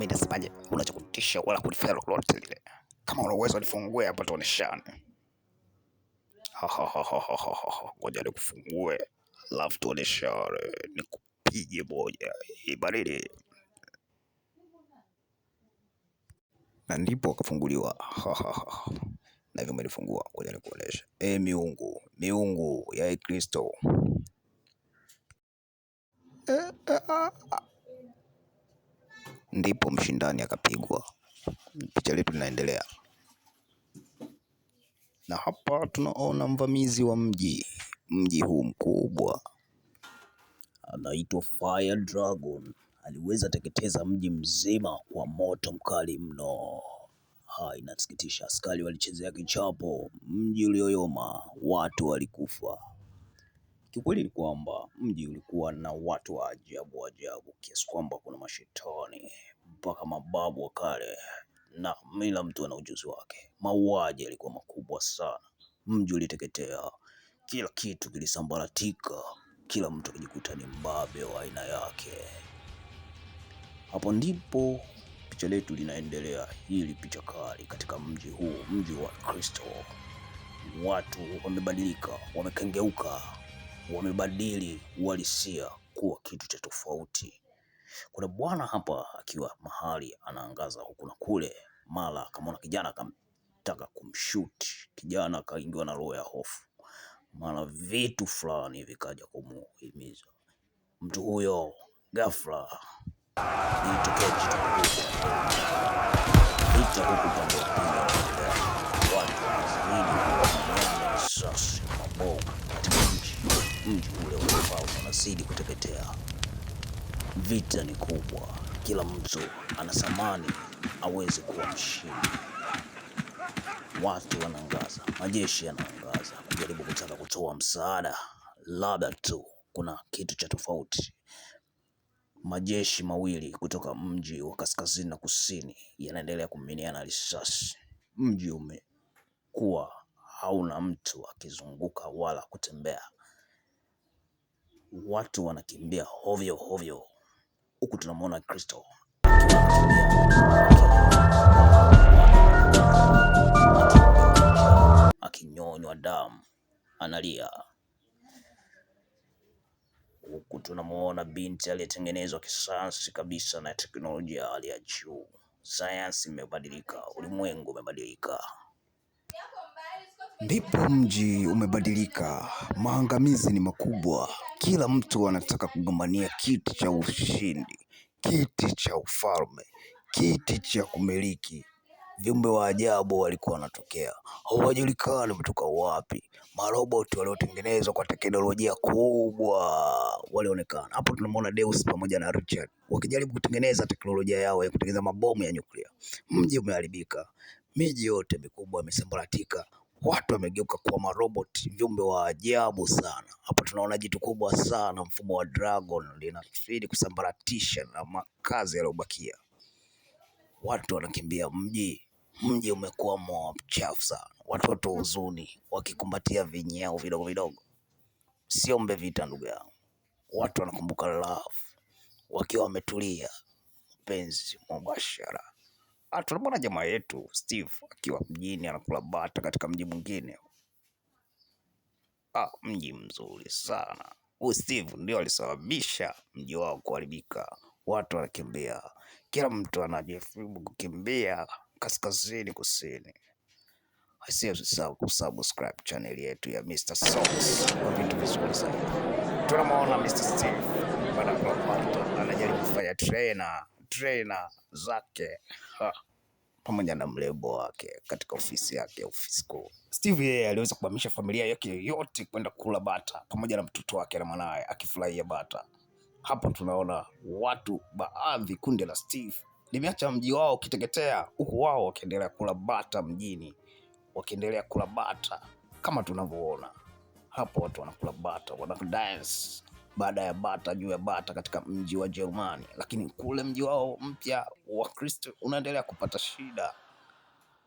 mimi nasemaje, unachokutisha wala kunifanya lolote lile. Kama una uwezo nifungue hapa tuoneshane. Ngoja nikufungue alafu tuoneshane, nikupige moja ibaridi. Na ndipo akafunguliwa na hivyo umenifungua. Ngoja nikuonesha. E, miungu miungu ya Kristo. E, e ndipo mshindani akapigwa. Picha letu linaendelea, na hapa tunaona mvamizi wa mji mji huu mkubwa anaitwa Fire Dragon aliweza teketeza mji mzima kwa moto mkali mno. Ha, inasikitisha. Askari walichezea kichapo, mji ulioyoma, watu walikufa. Kiukweli ni kwamba mji ulikuwa na watu wa ajabu ajabu kiasi kwamba kuna mashetani mpaka mababu wa kale na mila mtu ana ujuzi wake. Mauaji yalikuwa makubwa sana, mji uliteketea, kila kitu kilisambaratika, kila mtu akijikuta ni mbabe wa aina yake. Hapo ndipo picha letu linaendelea. hili picha kali katika mji huu, mji wa Kristo. Watu wamebadilika, wamekengeuka wamebadili uhalisia kuwa kitu cha tofauti. Kuna bwana hapa akiwa mahali anaangaza huku na kule, mara akamwona kijana akamtaka kumshuti. Kijana akaingiwa na roho ya hofu, mara vitu fulani vikaja kumuhimiza mtu huyo, ghafla ilitokea unazidi kuteketea. Vita ni kubwa, kila mtu samani aweze kuwa mshindi. Watu wanaangaza, majeshi yanaangaza kujaribu kutaka kutoa msaada, labda tu kuna kitu cha tofauti. Majeshi mawili kutoka mji wa kaskazini na kusini yanaendelea kuminiana risasi. Mji umekuwa hauna mtu akizunguka wala kutembea watu wanakimbia hovyo hovyo, huku tunamwona Kristo akinyonywa damu, analia huku tunamwona binti aliyetengenezwa kisayansi kabisa na teknolojia hali ya juu. Sayansi imebadilika, ulimwengu umebadilika. Ndipo mji umebadilika, maangamizi ni makubwa, kila mtu anataka kugombania kiti cha ushindi, kiti cha ufalme, kiti cha kumiliki. Viumbe wa ajabu walikuwa wanatokea, hawajulikani kutoka wapi. Maroboti waliotengenezwa kwa teknolojia kubwa walionekana. Hapo tunamwona Deus pamoja na Richard wakijaribu kutengeneza teknolojia yao ya kutengeneza mabomu ya nyuklia. Mji umeharibika, miji yote mikubwa imesambaratika. Watu wamegeuka kuwa marobot, viumbe wa ajabu sana. Hapa tunaona jitu kubwa sana mfumo wa dragon linafidi kusambaratisha na makazi yaliyobakia. Watu wanakimbia mji, mji umekuwa mwa mchafu sana, watoto huzuni wakikumbatia vinyao vidogo vidogo. Siombe vita ndugu yangu, watu wanakumbuka love wakiwa wametulia, mpenzi mubashara. Ah, tunamwona jamaa yetu Steve akiwa mjini anakula bata katika mji mwingine. Ah, mji mzuri sana. Huyu Steve ndio alisababisha mji wao kuharibika, watu wanakimbia, kila mtu anajaribu kukimbia kaskazini kusini. Usisahau kusubscribe channel yetu ya Mr. Socks kwa vitu vizuri zaidi. Tunamwona Mr. Steve anajaribu kufanya trainer trena zake pamoja na mrembo wake katika ofisi yake ofisi kuu. Steve yeye aliweza kuhamisha familia yake yote kwenda kula bata pamoja na mtoto wake na mwanaye akifurahia bata. Hapo tunaona watu baadhi, kundi la Steve limeacha mji wao ukiteketea, huku wao wakiendelea kula bata mjini, wakiendelea kula bata kama tunavyoona hapo, watu wanakula bata, wana dance baada ya bata juu ya bata katika mji wa Jerumani, lakini kule mji wao mpya wa Kristo unaendelea kupata shida.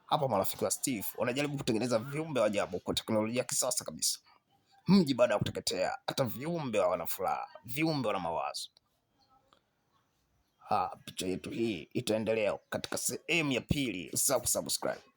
Hapa marafiki wa Steve wanajaribu kutengeneza viumbe wa ajabu kwa teknolojia ya kisasa kabisa. Mji baada ya kuteketea, hata viumbe wana furaha, viumbe wana mawazo. Ha, ah, picha yetu hii itaendelea katika sehemu ya pili. Usisahau kusubscribe.